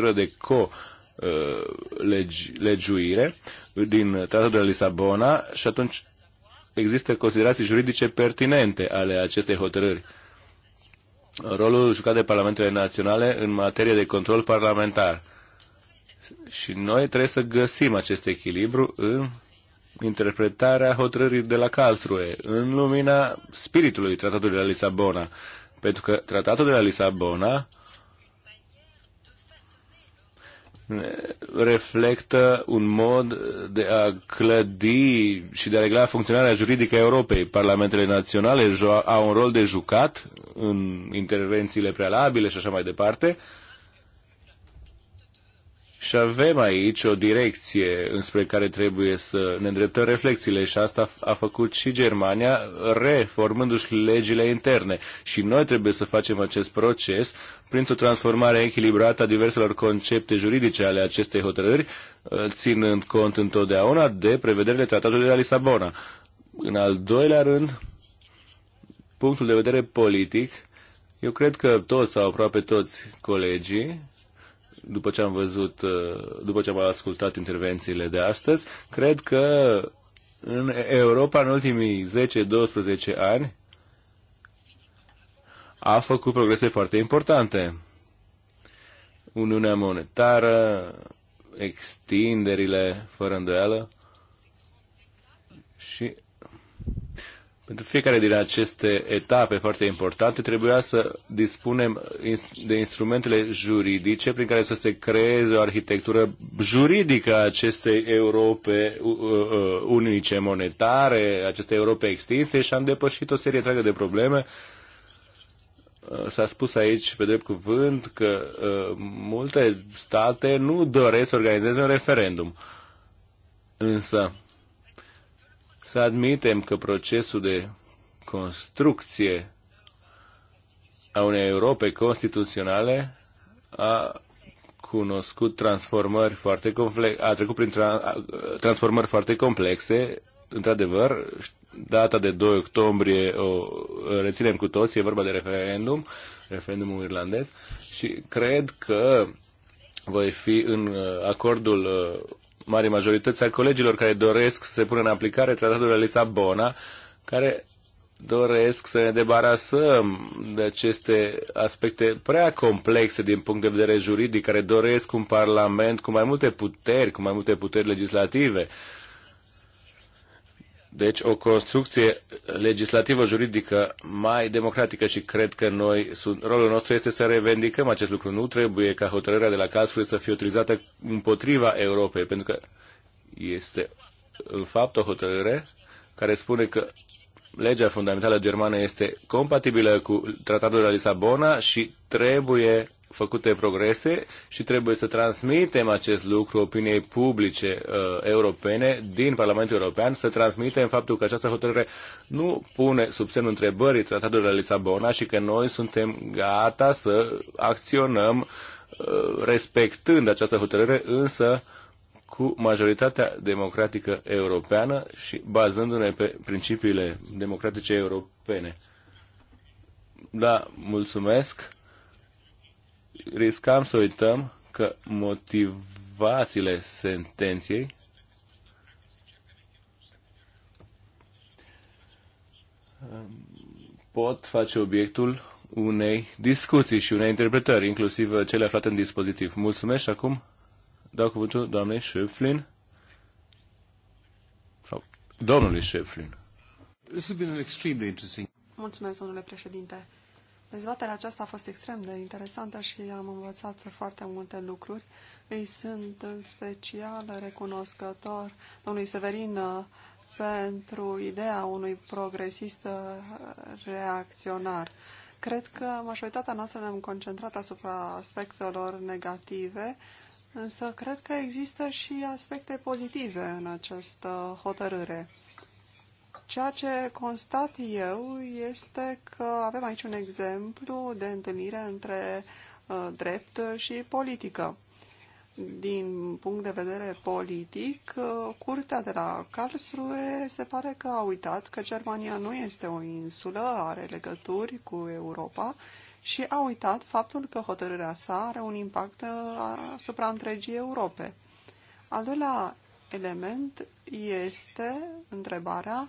procedură de co uh, legi, legiuire din Tratatul de Lisabona și atunci există considerații juridice pertinente ale acestei hotărâri. Rolul jucat de parlamentele naționale în materie de control parlamentar. Și noi trebuie să găsim acest echilibru în interpretarea hotărârii de la Karlsruhe, în lumina spiritului Tratatului de la Lisabona. Pentru că Tratatul de la Lisabona reflectă un mod de a clădi și de a regla funcționarea juridică a Europei. Parlamentele naționale au un rol de jucat în intervențiile prealabile și așa mai departe, și avem aici o direcție înspre care trebuie să ne îndreptăm reflexiile și asta a făcut și Germania reformându-și legile interne. Și noi trebuie să facem acest proces printr-o transformare echilibrată a diverselor concepte juridice ale acestei hotărâri, ă, ținând cont întotdeauna de prevederile Tratatului de la Lisabona. În al doilea rând, punctul de vedere politic, eu cred că toți sau aproape toți colegii după ce am văzut, uh, după ce am ascultat intervențiile de astăzi, cred că în Europa în ultimii 10-12 ani a făcut progrese foarte importante. Uniunea monetară, extinderile fără îndoială și pentru fiecare din aceste etape foarte importante trebuia să dispunem de instrumentele juridice prin care să se creeze o arhitectură juridică a acestei Europe unice monetare, acestei Europe extinse și am depășit o serie întreagă de probleme. S-a spus aici, pe drept cuvânt, că uh, multe state nu doresc să organizeze un referendum. Însă, să admitem că procesul de construcție a unei Europe constituționale a cunoscut transformări foarte complexe, a trecut prin tra- transformări foarte complexe, într-adevăr, data de 2 octombrie o reținem cu toți, e vorba de referendum, referendumul irlandez și cred că voi fi în uh, acordul uh, mare majorități a colegilor care doresc să pună în aplicare tratatul de Lisabona, care doresc să ne debarasăm de aceste aspecte prea complexe din punct de vedere juridic, care doresc un parlament cu mai multe puteri, cu mai multe puteri legislative. Uh, deci o construcție legislativă, juridică mai democratică și cred că noi, rolul nostru este să revendicăm acest lucru. Nu trebuie ca hotărârea de la Karlsruhe să fie utilizată împotriva Europei, pentru că este în fapt o hotărâre care spune că legea fundamentală germană este compatibilă cu tratatul de la Lisabona și trebuie făcute progrese și trebuie să transmitem acest lucru opiniei publice uh, europene din Parlamentul European, să transmitem faptul că această hotărâre nu pune sub semnul întrebării tratatul de la Lisabona și că noi suntem gata să acționăm uh, respectând această hotărâre, însă cu majoritatea democratică europeană și bazându-ne pe principiile democratice europene. Da, mulțumesc riscam să uităm că motivațiile sentenței pot face obiectul unei discuții și unei interpretări, inclusiv cele aflate în dispozitiv. Mulțumesc și acum dau cuvântul doamnei Schöpflin sau domnului Schöpflin. Mulțumesc, domnule președinte. Dezbaterea aceasta a fost extrem de interesantă și am învățat foarte multe lucruri. Îi sunt în special recunoscător domnului Severin uh, pentru ideea unui progresist uh, reacționar. Cred că majoritatea noastră ne-am concentrat asupra aspectelor negative, însă cred că există și aspecte pozitive în această hotărâre. Ceea ce constat eu este că avem aici un exemplu de întâlnire între uh, drept și politică. Din punct de vedere politic, uh, curtea de la Karlsruhe se pare că a uitat că Germania nu este o insulă, are legături cu Europa și a uitat faptul că hotărârea sa are un impact uh, asupra întregii Europe. Al doilea element este întrebarea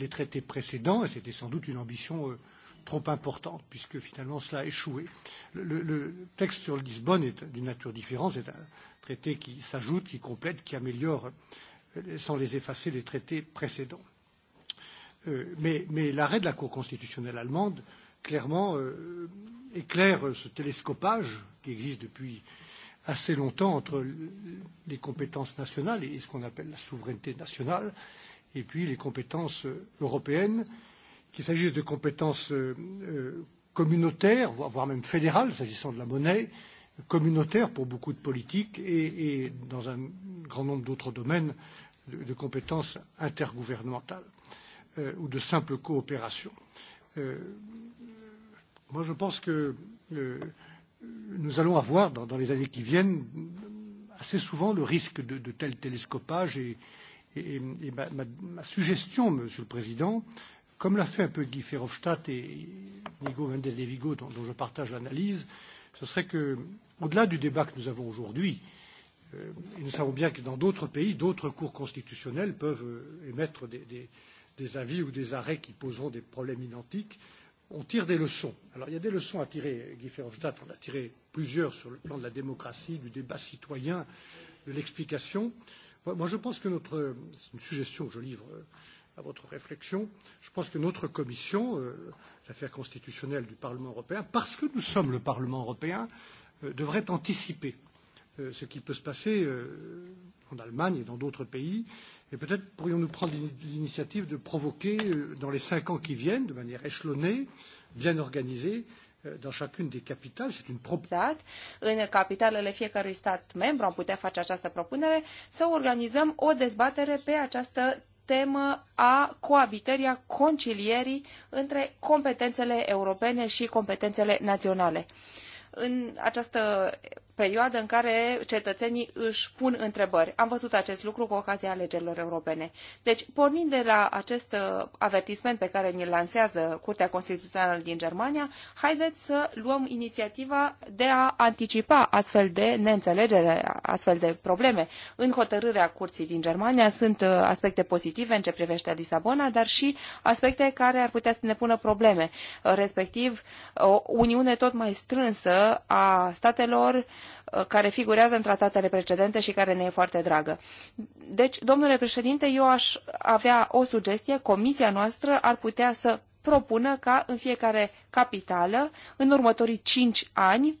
des traités précédents, et c'était sans doute une ambition euh, trop importante, puisque finalement cela a échoué. Le, le, le texte sur Lisbonne est d'une nature différente, c'est un traité qui s'ajoute, qui complète, qui améliore, euh, sans les effacer, les traités précédents. Euh, mais mais l'arrêt de la Cour constitutionnelle allemande, clairement, euh, éclaire ce télescopage qui existe depuis assez longtemps entre les compétences nationales et ce qu'on appelle la souveraineté nationale, euh, et puis les compétences euh, européennes, qu'il s'agisse de compétences euh, euh, communautaires, voire même fédérales, s'agissant de la monnaie, communautaires pour beaucoup de politiques et, et dans un grand nombre d'autres domaines de, de compétences intergouvernementales euh, ou de simple coopération. Euh, moi, je pense que euh, nous allons avoir dans, dans les années qui viennent assez souvent le risque de, de tel télescopage et, Et, et ma, ma, ma suggestion, Monsieur le Président, comme l'a fait un peu Guy Verhofstadt et Nigo Mendes de Vigo, dont, dont je partage l'analyse, ce serait que, au-delà du débat que nous avons aujourd'hui, euh, et nous savons bien que dans d'autres pays, d'autres cours constitutionnels peuvent euh, émettre des, des, des avis ou des arrêts qui poseront des problèmes identiques, on tire des leçons. Alors il y a des leçons à tirer. Guy Verhofstadt en a tiré plusieurs sur le plan de la démocratie, du débat citoyen, de l'explication. Euh, Moi, moi je pense que notre c'est une suggestion que je livre euh, à votre réflexion je pense que notre commission euh, affaires constitutionnelles du Parlement européen, parce que nous sommes le Parlement européen, euh, devrait anticiper euh, ce qui peut se passer euh, en Allemagne et dans d'autres pays et peut être pourrions nous prendre l'initiative de provoquer, euh, dans les cinq ans qui viennent, de manière échelonnée, bien organisée, Eh, dans chacune des capitales, c'est une propunere. Exact. În capitalele fiecărui stat membru am putea face această propunere să organizăm o dezbatere pe această temă a coabitării, a concilierii între competențele europene și competențele naționale. În această perioadă în care cetățenii își pun întrebări. Am văzut acest lucru cu ocazia alegerilor europene. Deci, pornind de la acest uh, avertisment pe care ni-l lansează Curtea Constituțională din Germania, haideți să luăm inițiativa de a anticipa astfel de neînțelegere, astfel de probleme. În hotărârea Curții din Germania sunt uh, aspecte pozitive în ce privește Lisabona, dar și aspecte care ar putea să ne pună probleme, respectiv o uniune tot mai strânsă a statelor Uh, care figurează în tratatele precedente și care ne e foarte dragă. Deci, domnule președinte, eu aș avea o sugestie. Comisia noastră ar putea să propună ca în fiecare capitală, în următorii cinci ani,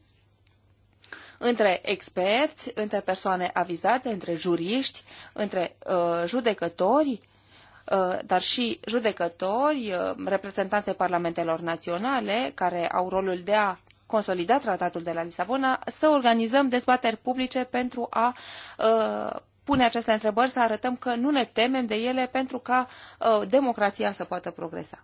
între experți, între persoane avizate, între juriști, între uh, judecători, uh, dar și judecători, uh, reprezentanțe parlamentelor naționale, care au rolul de a consolida tratatul de la Lisabona, să organizăm dezbateri publice pentru a pune aceste întrebări, să arătăm că nu ne temem de ele pentru ca democrația să poată progresa.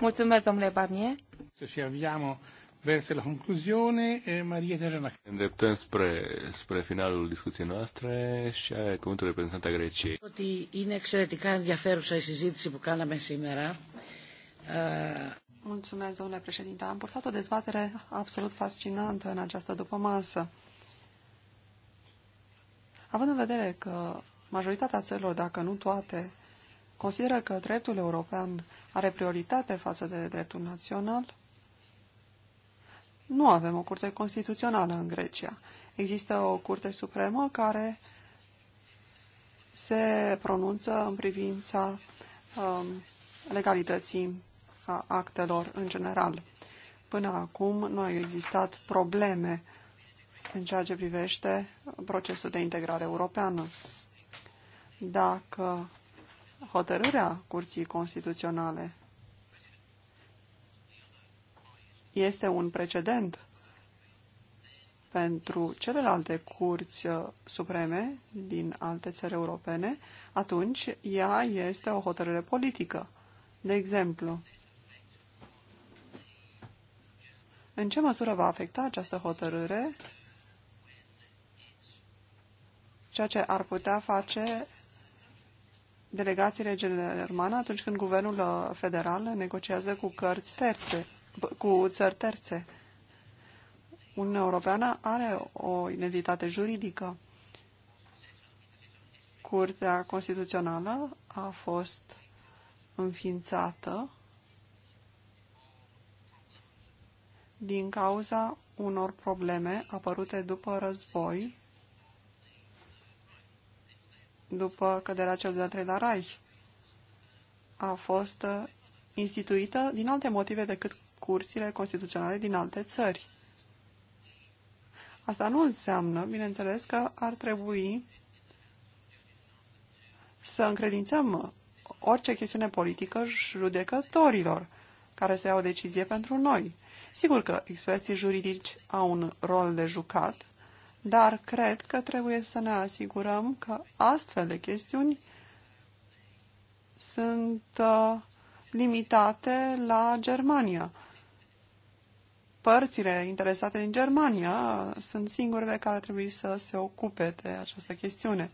Mulțumesc, domnule Barnier. Să și aviamo verso la concluzione, Maria Terena. Îndreptăm spre, spre finalul discuției noastre și are cuvântul reprezentanta Greciei. Ότι είναι εξαιρετικά ενδιαφέρουσα η συζήτηση που κάναμε σήμερα. Mulțumesc, domnule președinte. Am purtat o dezbatere absolut fascinantă în această dupămasă. Având în vedere că majoritatea țărilor, dacă nu toate, consideră că dreptul european are prioritate față de dreptul național, nu avem o curte constituțională în Grecia. Există o curte supremă care se pronunță în privința um, legalității a actelor în general. Până acum nu au existat probleme în ceea ce privește procesul de integrare europeană. Dacă hotărârea Curții Constituționale este un precedent pentru celelalte curți uh, supreme din alte țări europene, atunci ea este o hotărâre politică. De exemplu, În ce măsură va afecta această hotărâre ceea ce ar putea face delegațiile germane atunci când guvernul federal negociază cu cărți terțe, cu țări terțe? Uniunea Europeană are o identitate juridică. Curtea Constituțională a fost înființată din cauza unor probleme apărute după război, după căderea cel de-a treilea rai, A fost uh, instituită din alte motive decât cursile constituționale din alte țări. Asta nu înseamnă, bineînțeles, că ar trebui să încredințăm orice chestiune politică judecătorilor care să iau o decizie pentru noi. Sigur că experții juridici au un rol de jucat, dar cred că trebuie să ne asigurăm că astfel de chestiuni sunt uh, limitate la Germania. Părțile interesate din Germania sunt singurele care trebuie să se ocupe de această chestiune.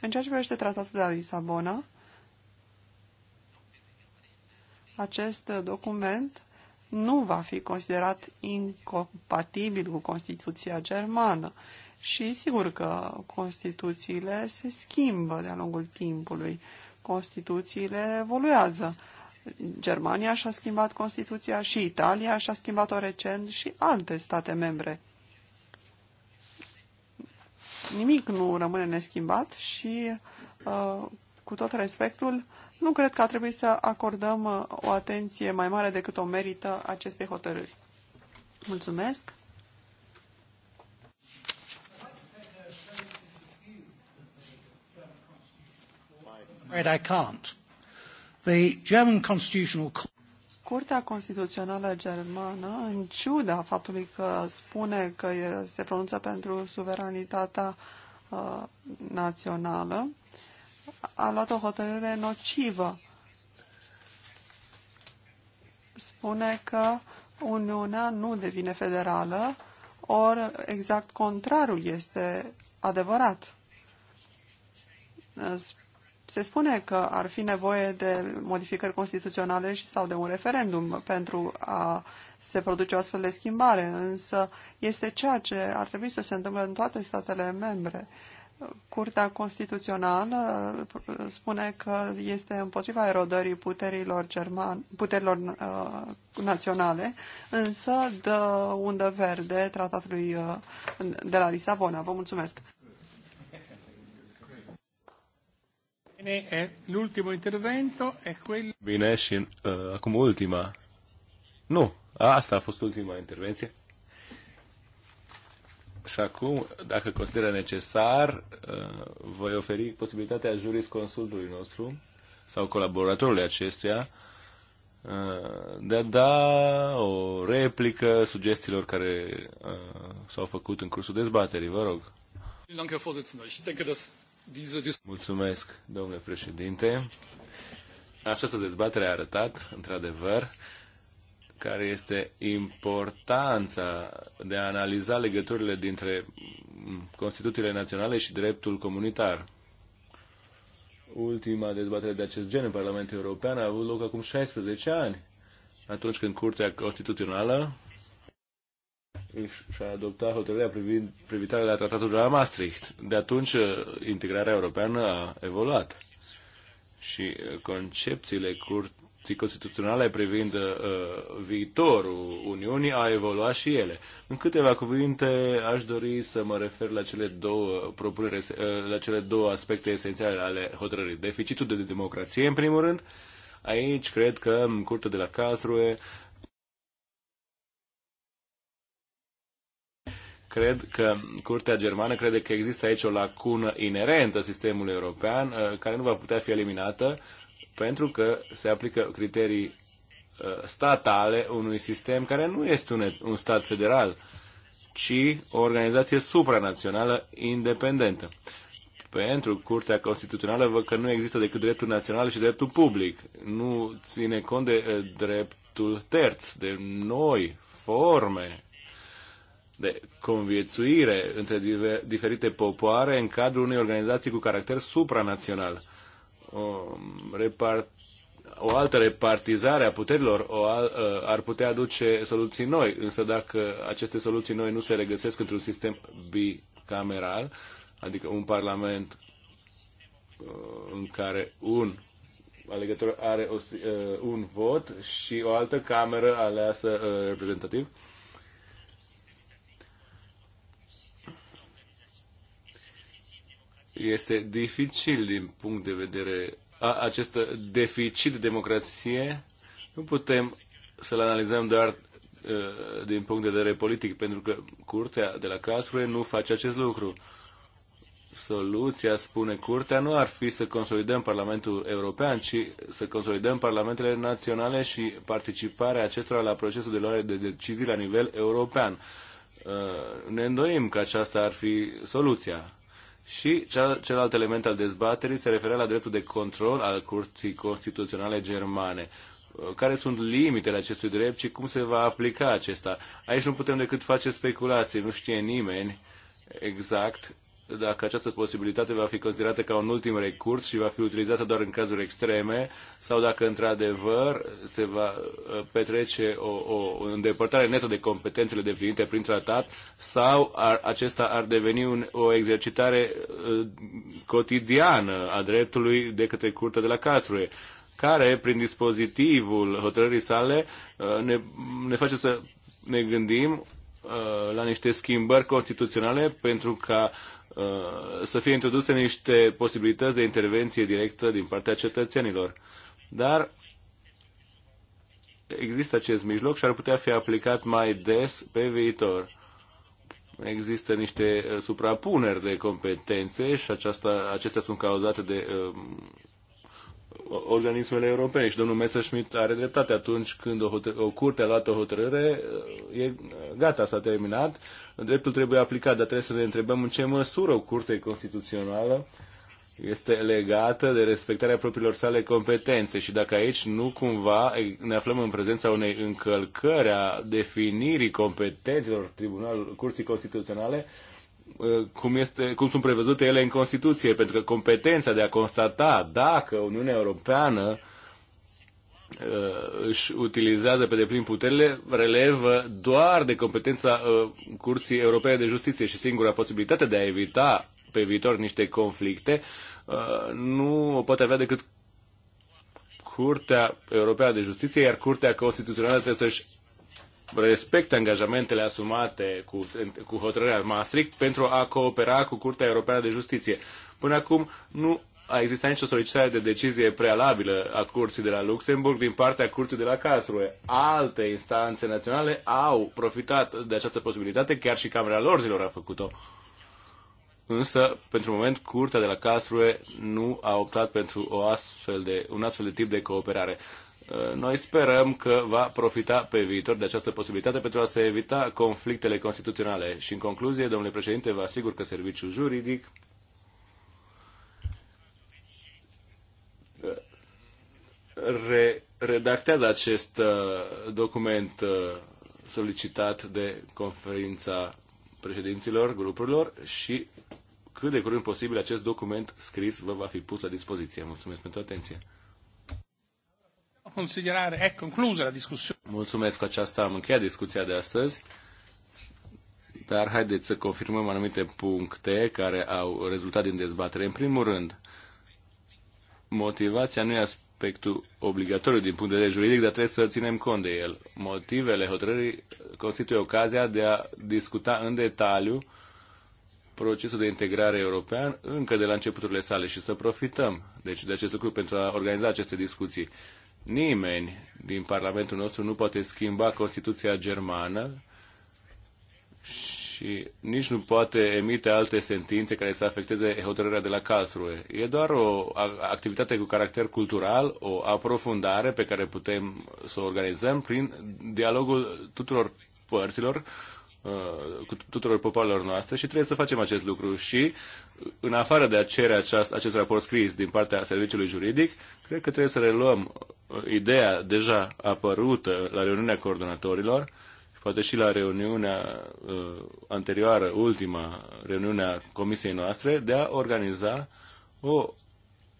În ceea ce privește tratatul de la Lisabona, acest document nu va fi considerat incompatibil cu Constituția germană. Și sigur că Constituțiile se schimbă de-a lungul timpului. Constituțiile evoluează. Germania și-a schimbat Constituția și Italia și-a schimbat-o recent și alte state membre. Nimic nu rămâne neschimbat și, uh, cu tot respectul, uh, nu cred că ar trebui să acordăm uh, o atenție mai mare decât o merită acestei hotărâri. Mulțumesc! Curtea Constituțională Germană, în ciuda faptului că spune că se pronunță pentru suveranitatea uh, națională, a luat o hotărâre nocivă. Spune că Uniunea nu devine federală, ori exact contrarul este adevărat. Se spune că ar fi nevoie de modificări constituționale și sau de un referendum pentru a se produce o astfel de schimbare, însă este ceea ce ar trebui să se întâmple în toate statele membre. Curtea Constituțională uh, spune că este împotriva erodării puterilor, german, puterilor uh, naționale, însă dă undă verde tratatului uh, de la Lisabona. Vă mulțumesc! intervento Bine, și uh, acum ultima. Nu, asta a fost ultima intervenție. Și acum, dacă consideră necesar, uh, voi oferi posibilitatea jurisconsultului nostru sau colaboratorului acestuia uh, de a da o replică sugestiilor care uh, s-au făcut în cursul dezbaterii. Vă rog. Mulțumesc, domnule președinte. Această dezbatere a arătat, într-adevăr, care este importanța de a analiza legăturile dintre Constituțiile naționale și dreptul comunitar. Ultima dezbatere de acest gen în Parlamentul European a avut loc acum 16 ani, atunci când Curtea Constituțională și-a adoptat hotărârea privind privitarea la tratatul de la Maastricht. De atunci, uh, integrarea europeană a evoluat și uh, concepțiile cur- discuții constituționale privind uh, viitorul Uniunii a evoluat și ele. În câteva cuvinte aș dori să mă refer la cele două propunere, uh, la cele două aspecte esențiale ale hotărârii. Deficitul de democrație, în primul rând. Aici cred că Curtea de la Castrue cred că Curtea Germană crede că există aici o lacună inerentă sistemului european uh, care nu va putea fi eliminată pentru că se aplică criterii uh, statale unui sistem care nu este un, un stat federal, ci o organizație supranațională independentă. Pentru Curtea Constituțională văd că nu există decât dreptul național și dreptul public. Nu ține cont de uh, dreptul terț, de noi forme de conviețuire între diferite popoare în cadrul unei organizații cu caracter supranațional o, repart, o altă repartizare a puterilor o ă, ar putea aduce soluții noi, însă dacă aceste soluții noi nu se regăsesc într-un sistem bicameral, adică un parlament ă, în care un alegător are o, ă, un vot și o altă cameră aleasă reprezentativ, este dificil din punct de vedere a, acest deficit de democrație. Nu putem să-l analizăm doar uh, din punct de vedere politic, pentru că curtea de la Castle nu face acest lucru. Soluția, spune curtea, nu ar fi să consolidăm Parlamentul European, ci să consolidăm parlamentele naționale și participarea acestora la procesul de luare de decizii la nivel european. Uh, ne îndoim că aceasta ar fi soluția. Și celălalt element al dezbaterii se referea la dreptul de control al Curții Constituționale Germane. Care sunt limitele acestui drept și cum se va aplica acesta? Aici nu putem decât face speculații, nu știe nimeni exact dacă această posibilitate va fi considerată ca un ultim recurs și va fi utilizată doar în cazuri extreme sau dacă într-adevăr se va uh, petrece o, o îndepărtare netă de competențele definite prin tratat sau ar, acesta ar deveni un, o exercitare uh, cotidiană a dreptului de către curtea de la Casrue care, prin dispozitivul hotărârii sale, uh, ne, ne face să ne gândim la niște schimbări constituționale pentru ca Uh, să fie introduse niște posibilități de intervenție directă din partea cetățenilor. Dar există acest mijloc și ar putea fi aplicat mai des pe viitor. Există niște uh, suprapuneri de competențe și aceasta, acestea sunt cauzate de uh, organismele europene. Și domnul Messerschmidt are dreptate atunci când o, o curte a luat o hotărâre, e gata, s-a terminat, dreptul trebuie aplicat, dar trebuie să ne întrebăm în ce măsură o curte constituțională este legată de respectarea propriilor sale competențe și dacă aici nu cumva ne aflăm în prezența unei încălcări a definirii competențelor Tribunalului Curții Constituționale, uh, Uh, cum, este, cum sunt prevăzute ele în Constituție, pentru că competența de a constata dacă Uniunea Europeană uh, își utilizează pe deplin puterile, relevă doar de competența uh, Curții Europene de Justiție și singura posibilitate de a evita pe viitor niște conflicte, nu o poate avea decât Curtea Europeană de Justiție, iar Curtea Constituțională trebuie să-și respecte angajamentele asumate cu, cu hotărârea Maastricht pentru a coopera cu Curtea Europeană de Justiție. Până acum nu a existat nicio solicitare de decizie prealabilă a Curții de la Luxemburg din partea Curții de la Karlsruhe. Alte instanțe naționale au profitat de această posibilitate, chiar și Camera Lorzilor a făcut-o. Însă, pentru moment, Curtea de la Karlsruhe nu a optat pentru o astfel de, un astfel de tip de cooperare. Eh, noi sperăm că va profita pe viitor de această posibilitate pentru a se evita conflictele constituționale. Și în concluzie, domnule președinte, vă asigur că serviciul juridic eh, re- redactează acest eh, document solicitat de conferința președinților grupurilor și cât de curând posibil acest document scris vă va fi pus la dispoziție. Mulțumesc pentru atenție considerare è conclusa la discussione. Mulțumesc, că aceasta am încheiat discuția de astăzi, dar haideți să confirmăm anumite puncte care au rezultat din dezbatere. În primul rând, motivația nu e aspectul obligatoriu din punct de vedere juridic, dar trebuie să ținem cont de el. Motivele hotărârii constituie ocazia de a discuta în detaliu procesul de integrare european încă de la începuturile sale și să profităm deci, de acest lucru pentru a organiza aceste discuții nimeni din Parlamentul nostru nu poate schimba Constituția germană și nici nu poate emite alte sentințe care să afecteze hotărârea de la Karlsruhe. E doar o activitate cu caracter cultural, o aprofundare pe care putem să o organizăm prin dialogul tuturor părților Uh, cu tuturor popoarelor noastre și trebuie să facem acest lucru și în afară de a cere aceast, acest raport scris din partea serviciului juridic, cred că trebuie să reluăm uh, ideea deja apărută la reuniunea coordonatorilor și poate și la reuniunea uh, anterioară, ultima reuniunea comisiei noastre, de a organiza o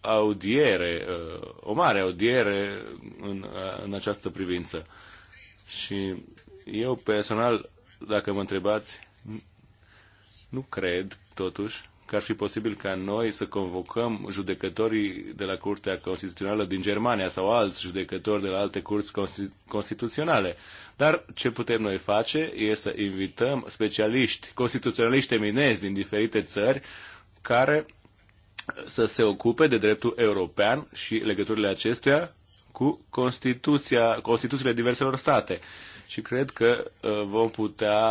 audiere, uh, o mare audiere în, uh, în această privință. Și eu personal dacă mă întrebați, nu cred, totuși, că ar fi posibil ca noi să convocăm judecătorii de la Curtea Constituțională din Germania sau alți judecători de la alte curți constituționale. Dar ce putem noi face e să invităm specialiști, constituționaliști eminezi din diferite țări care să se ocupe de dreptul european și legăturile acestuia cu Constituția, Constituțiile diverselor state și cred că uh, vom putea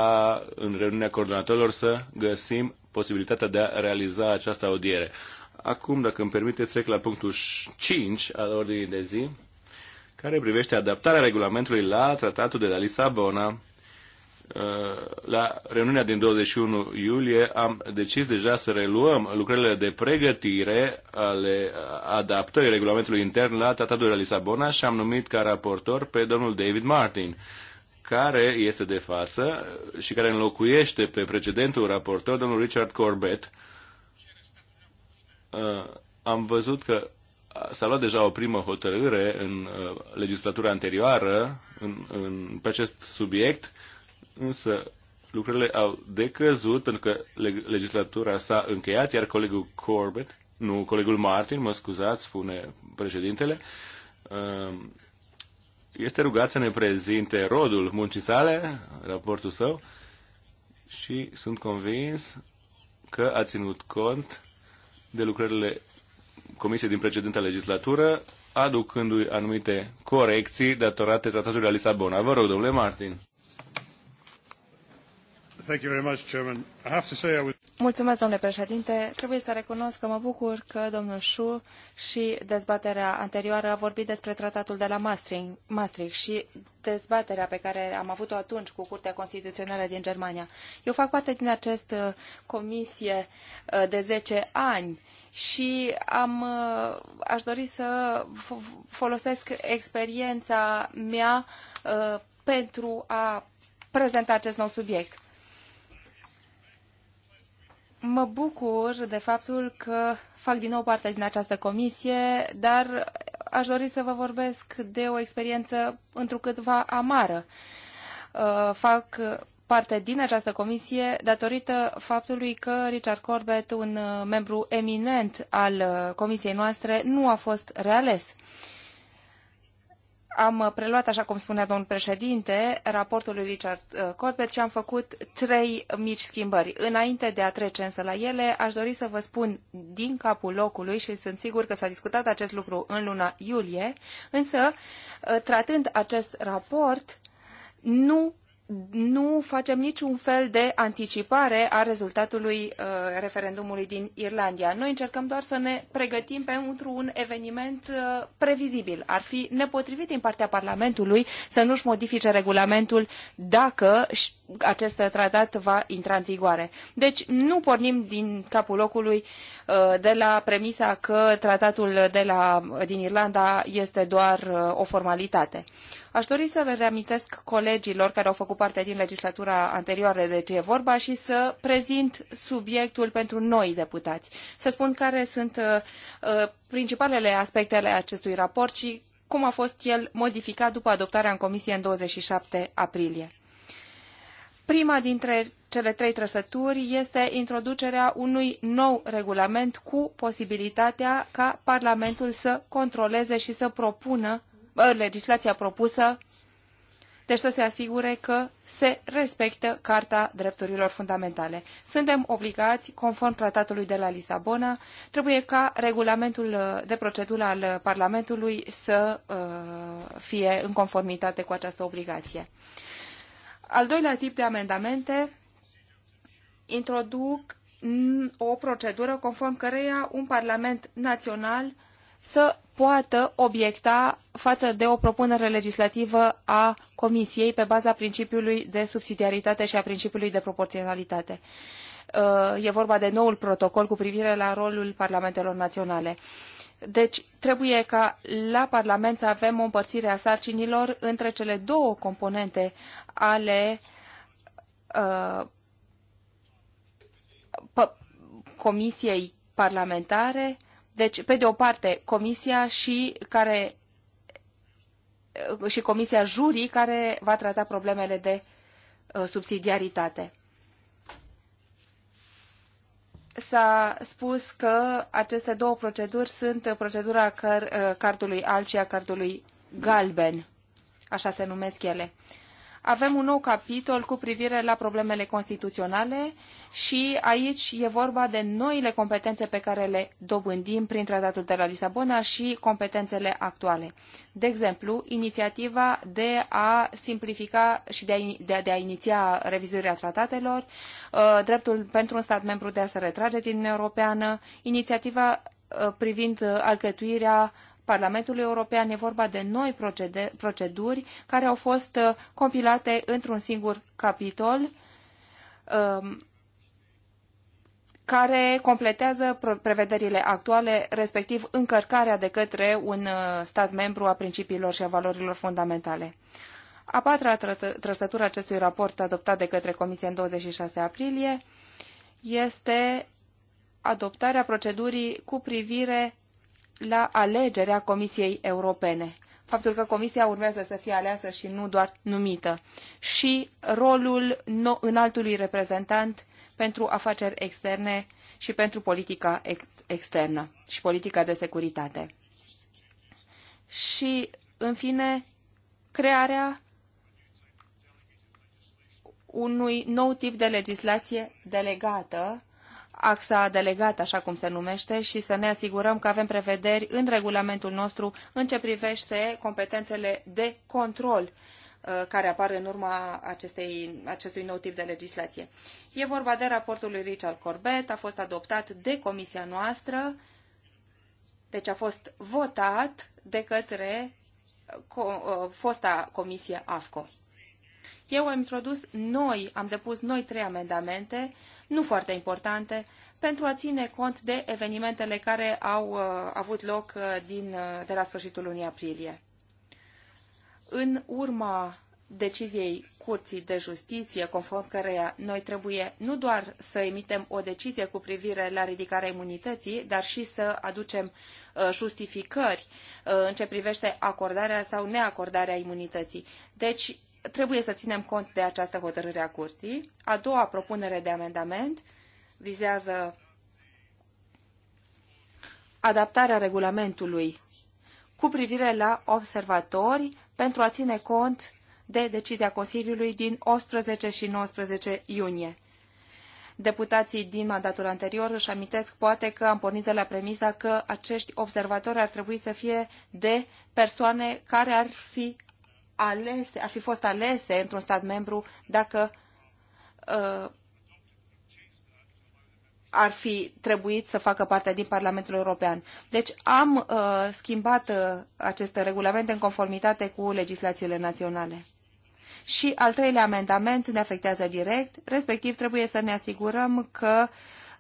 în reuniunea coordonatorilor să găsim posibilitatea de a realiza această audiere. Acum, dacă îmi permiteți, trec la punctul 5 al ordinii de zi, care privește adaptarea regulamentului la Tratatul de la Lisabona. Uh, la reuniunea din 21 iulie am decis deja să reluăm lucrările de pregătire ale adaptării regulamentului intern la Tratatul de la Lisabona și am numit ca raportor pe domnul David Martin care este de față și care înlocuiește pe precedentul raportor, domnul Richard Corbett. Uh, am văzut că s-a luat deja o primă hotărâre în uh, legislatura anterioară în, în, pe acest subiect, însă lucrurile au decăzut pentru că legislatura s-a încheiat, iar colegul Corbett, nu, colegul Martin, mă scuzați, spune președintele, uh, este rugat să ne prezinte rodul muncii sale, raportul său, și sunt convins că a ținut cont de lucrările Comisiei din precedenta legislatură, aducându-i anumite corecții datorate tratatului la Lisabona. Vă rog, domnule Martin. Thank you very much, Chairman. I have to say I was... Mulțumesc, domnule președinte. Trebuie să recunosc că mă bucur că domnul Șu și dezbaterea anterioară a vorbit despre tratatul de la Maastricht, Maastricht și dezbaterea pe care am avut-o atunci cu Curtea Constituțională din Germania. Eu fac parte din această uh, comisie uh, de zece ani și am, uh, aș dori să folosesc experiența mea pentru a prezenta acest nou subiect. Mă bucur de faptul că fac din nou parte din această comisie, dar aș dori să vă vorbesc de o experiență întrucâtva amară. Uh, fac parte din această comisie datorită faptului că Richard Corbett, un uh, membru eminent al uh, comisiei noastre, nu a fost reales. Am uh, preluat, așa cum spunea domnul președinte, raportul lui Richard uh, Corbett și am făcut trei mici schimbări. Înainte de a trece însă la ele, aș dori să vă spun din capul locului și sunt sigur că s-a discutat acest lucru în luna iulie, însă, uh, tratând acest raport, nu nu facem niciun fel de anticipare a rezultatului uh, referendumului din Irlanda. Noi încercăm doar să ne pregătim pentru un eveniment uh, previzibil. Ar fi nepotrivit din partea Parlamentului să nu-și modifice regulamentul dacă acest tratat va intra în vigoare. Deci nu pornim din capul locului uh, Uh, de la premisa că tratatul de la, din Irlanda este doar uh, o formalitate. Aș dori să le reamintesc colegilor care au făcut parte din legislatura anterioară de ce e vorba și să prezint subiectul pentru noi deputați. Să spun care sunt uh, principalele aspecte ale acestui raport și cum a fost el modificat după adoptarea în comisie în 27 aprilie. Prima dintre cele trei trăsături este introducerea unui nou regulament cu posibilitatea ca Parlamentul să controleze și să propună legislația propusă, deci să se asigure că se respectă Carta Drepturilor Fundamentale. Suntem obligați, conform tratatului de la Lisabona, trebuie ca regulamentul uh, de procedură al Parlamentului să uh, fie în conformitate cu această obligație. Al doilea tip de amendamente introduc o procedură conform căreia un Parlament național să poată obiecta față de o propunere legislativă a Comisiei pe baza principiului de subsidiaritate și a principiului de proporționalitate. Uh, e vorba de noul protocol cu privire la rolul Parlamentelor Naționale. Deci trebuie ca la Parlament să avem o împărțire a sarcinilor între cele două componente ale uh, Comisiei Parlamentare, deci pe de o parte Comisia și care și Comisia Jurii care va trata problemele de uh, subsidiaritate. S-a spus că aceste două proceduri sunt procedura căr, uh, cardului alb și a cardului galben, așa se numesc ele. Uh, avem un nou capitol cu privire la problemele constituționale și aici e vorba de noile competențe pe care le dobândim prin tratatul de la Lisabona și competențele actuale. De exemplu, inițiativa de a simplifica și de a, de a, de a iniția revizuirea tratatelor, uh, dreptul pentru un stat membru de a se retrage din Europeană, inițiativa uh, privind uh, alcătuirea Parlamentului European. E vorba de noi procede, proceduri care au fost uh, compilate într-un singur capitol um, care completează prevederile actuale, respectiv încărcarea de către un uh, stat membru a principiilor și a valorilor fundamentale. A patra trăsătură acestui raport adoptat de către Comisie în 26 aprilie este adoptarea procedurii cu privire la alegerea Comisiei Europene. Faptul că Comisia urmează să fie aleasă și nu doar numită. Și rolul no înaltului reprezentant pentru afaceri externe și pentru politica ex externă și politica de securitate. Și, în fine, crearea unui nou tip de legislație delegată axa delegat, așa cum se numește, și să ne asigurăm că avem prevederi în regulamentul nostru în ce privește competențele de control uh, care apar în urma acestei, acestui nou tip de legislație. E vorba de raportul lui Richard Corbett, a fost adoptat de comisia noastră, deci a fost votat de către uh, fosta comisie AFCO. Eu am introdus noi, am depus noi trei amendamente, nu foarte importante, pentru a ține cont de evenimentele care au uh, avut loc uh, din, uh, de la sfârșitul lunii aprilie. În urma deciziei Curții de Justiție, conform căreia noi trebuie nu doar să emitem o decizie cu privire la ridicarea imunității, dar și să aducem uh, justificări uh, în ce privește acordarea sau neacordarea imunității. Deci trebuie să ținem cont de această hotărâre a curții. A doua propunere de amendament vizează adaptarea regulamentului cu privire la observatori pentru a ține cont de decizia Consiliului din 18 și 19 iunie. Deputații din mandatul anterior își amintesc poate că am pornit de la premisa că acești observatori ar trebui să fie de persoane care ar fi alese, ar fi fost alese într-un stat membru dacă uh, ar fi trebuit să facă parte din Parlamentul European. Deci am uh, schimbat uh, acest regulament în conformitate cu legislațiile naționale. Și al treilea amendament ne afectează direct, respectiv trebuie să ne asigurăm că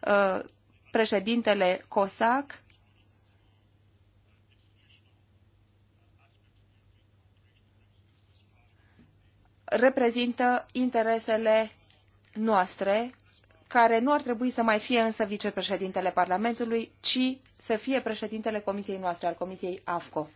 uh, președintele COSAC reprezintă interesele noastre, care nu ar trebui să mai fie însă vicepreședintele Parlamentului, ci să fie președintele comisiei noastre, al comisiei AFCO.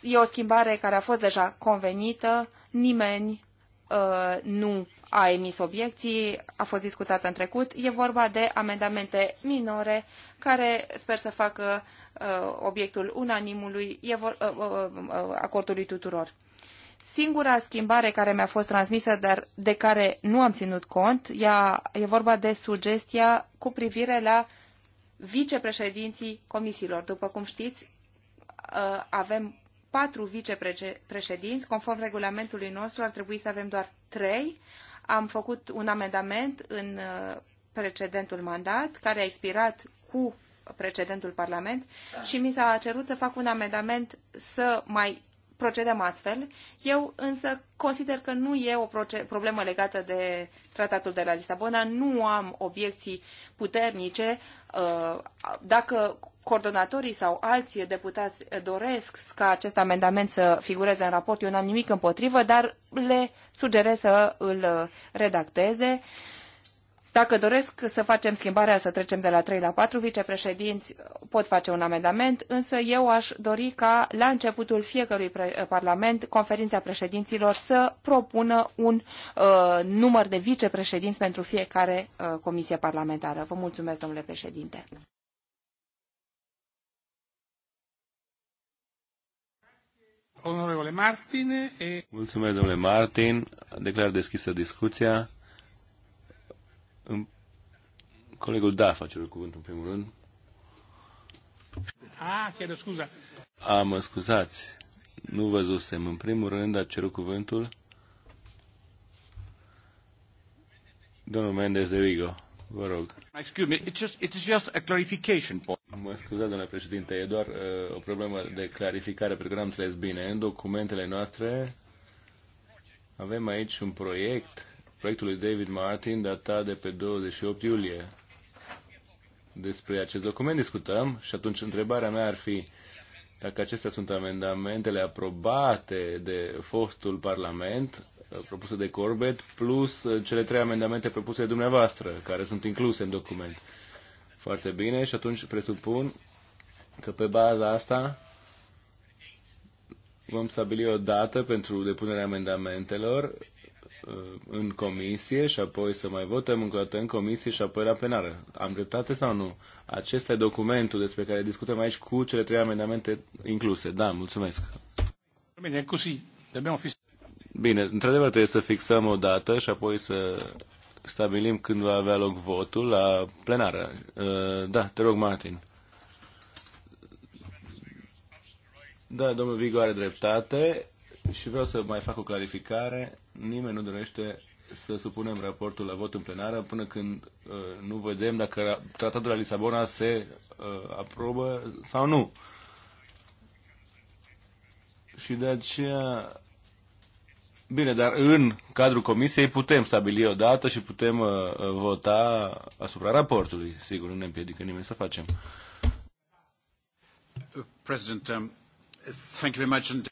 E o schimbare care a fost deja convenită, nimeni uh, nu a emis obiecții, a fost discutată în trecut. E vorba de amendamente minore care sper să facă uh, obiectul unanimului e vor, uh, acordului tuturor. Singura schimbare care mi-a fost transmisă, dar de care nu am ținut cont, ea, e vorba de sugestia cu privire la vicepreședinții comisiilor. După cum știți, uh, avem patru vicepreședinți. Conform regulamentului nostru ar trebui să avem doar trei. Am făcut un amendament în uh, precedentul mandat, care a expirat cu precedentul Parlament și mi s-a cerut să fac un amendament să mai procedăm astfel. Eu însă consider că nu e o problemă legată de tratatul de la Lisabona. Nu am obiecții puternice. Uh, dacă coordonatorii sau alți deputați doresc ca acest amendament să figureze în raport, eu n-am nimic împotrivă, dar le sugerez să îl redacteze. Uh, dacă doresc să facem schimbarea, să trecem de la 3 la 4, vicepreședinți pot face un amendament, însă eu aș dori ca la începutul fiecărui eh, parlament conferința președinților să propună un uh, număr de vicepreședinți pentru fiecare uh, comisie parlamentară. Vă mulțumesc, domnule președinte. Martin. Mulțumesc, domnule Martin. Declar deschisă discuția. Colegul da face cuvânt în primul rând. Ah, chiar scuza. A, mă scuzați. Nu văzusem. În primul rând a cerut cuvântul domnul Mendes de Vigo. Vă rog. Excuse me, it's just, it's just a clarification point. Mă scuzați, domnule președinte, e doar uh, o problemă de clarificare, pentru că n-am înțeles bine. În documentele noastre avem aici un proiect lui David Martin datat de pe 28 iulie. Despre acest document discutăm și atunci întrebarea mea ar fi dacă acestea sunt amendamentele aprobate de fostul Parlament uh, propuse de Corbett, plus uh, cele trei amendamente propuse de dumneavoastră, care sunt incluse în document. Foarte bine, și atunci presupun că pe baza asta vom stabili o dată pentru depunerea amendamentelor Uh, în comisie și apoi să mai votăm încă o dată în comisie și apoi la plenară. Am dreptate sau nu? Acesta e documentul despre care discutăm aici cu cele trei amendamente incluse. Da, mulțumesc. Bine, cu si. Bine, într-adevăr trebuie să fixăm o dată și apoi să stabilim când va avea loc votul la plenară. Uh, da, te rog, Martin. Da, domnul Vigo are dreptate. Și vreau să mai fac o clarificare. Nimeni nu dorește să supunem raportul la vot în plenară până când uh, nu vedem dacă tratatul de la Lisabona se uh, aprobă sau nu. Și de aceea Bine, dar în cadrul comisiei putem stabili o dată și putem uh, uh vota asupra raportului. Sigur, nu ne împiedică nimeni să facem. President, um,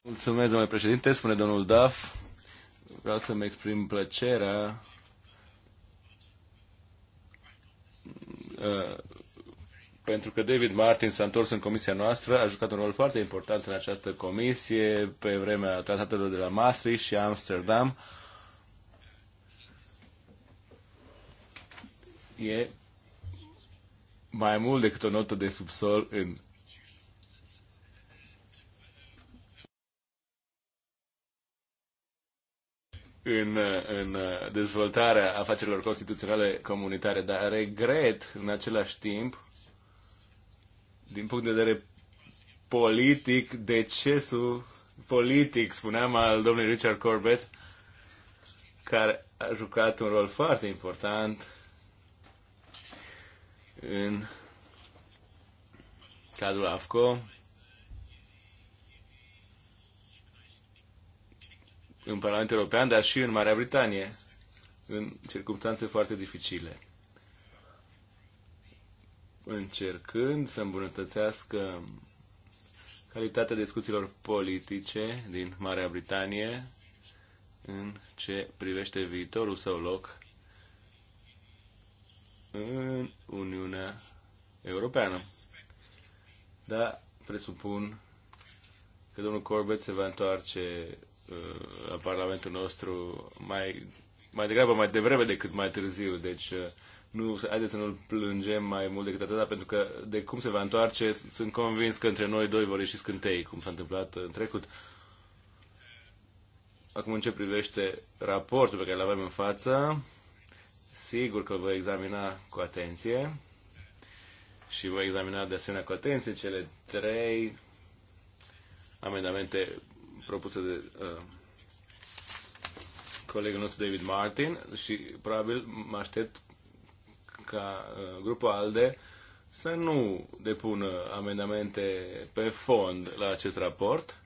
Mulțumesc, domnule președinte, spune domnul Duff. Vreau să-mi exprim plăcerea uh, pentru că David Martin s-a întors în comisia noastră, a jucat un rol foarte important în această comisie pe vremea tratatelor de la Maastricht și Amsterdam. E mai mult decât o notă de subsol în în, în dezvoltarea afacerilor constituționale comunitare, dar regret în același timp, din punct de vedere politic, decesul politic, spuneam, al domnului Richard Corbett, care a jucat un rol foarte important în cadrul AFCO în Parlamentul European, dar și în Marea Britanie, în circunstanțe foarte dificile. Încercând să îmbunătățească calitatea discuțiilor politice din Marea Britanie în ce privește viitorul său loc în Uniunea Europeană. Dar presupun că domnul Corbett se va întoarce la uh, Parlamentul nostru mai, mai degrabă, mai devreme decât mai târziu. Deci, uh, nu, haideți să nu-l plângem mai mult decât atât, pentru că de cum se va întoarce, sunt convins că între noi doi vor ieși scântei, cum s-a întâmplat în trecut. Acum, în ce privește raportul pe care îl avem în față, sigur că voi examina cu atenție și voi examina de asemenea cu atenție cele trei amendamente propusă de uh, colegul nostru David Martin și probabil mă aștept ca uh, grupul ALDE să nu depună amendamente pe fond la acest raport,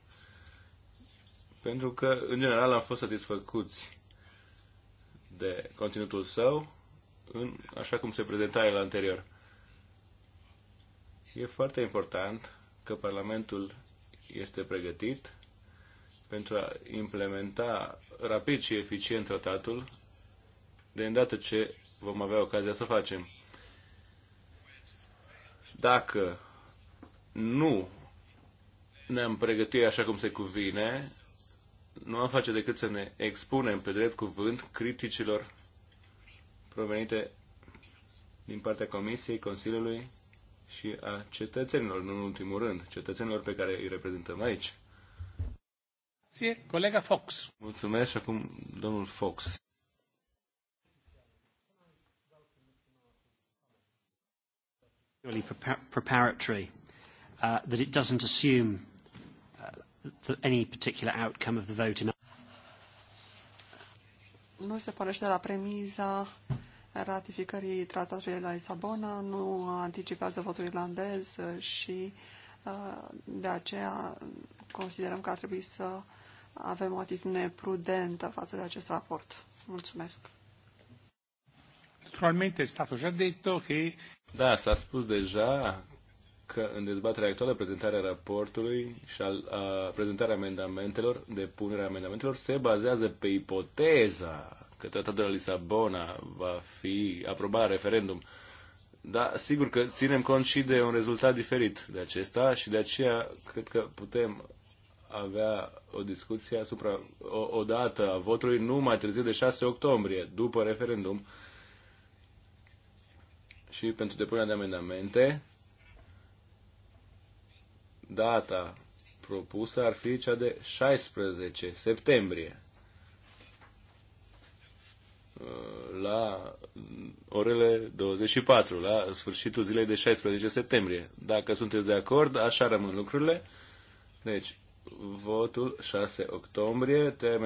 pentru că, în general, am fost satisfăcuți de conținutul său, în, așa cum se prezenta el anterior. E foarte important că Parlamentul este pregătit pentru a implementa rapid și eficient tratatul, de îndată ce vom avea ocazia să o facem. Dacă nu ne-am pregătit așa cum se cuvine, nu am face decât să ne expunem pe drept cuvânt criticilor provenite din partea Comisiei, Consiliului și a cetățenilor, nu în ultimul rând, cetățenilor pe care îi reprezentăm aici colega Fox. Mulțumesc și acum domnul Fox. preparatory, uh, that it doesn't assume uh, any particular outcome of the vote in nu se pornește la premiza ratificării tratatului la Lisabona, nu anticipează votul irlandez și uh, de aceea considerăm că ar trebui să avem o atitudine prudentă față de acest raport. Mulțumesc. Naturalmente è stato già detto che... Da, s-a spus deja că în dezbaterea actuală prezentarea raportului și al, a, prezentarea amendamentelor, depunerea amendamentelor, se bazează pe ipoteza că tratatul de la Lisabona va fi aprobat referendum. Da, sigur că ținem cont și de un rezultat diferit de acesta și de aceea cred că putem avea o discuție asupra o, o dată a votului nu mai târziu de 6 octombrie, după referendum. Și pentru depunerea de amendamente, data propusă ar fi cea de 16 septembrie la orele 24, la sfârșitul zilei de 16 septembrie. Dacă sunteți de acord, așa rămân lucrurile. Deci, votul 6 octombrie, termen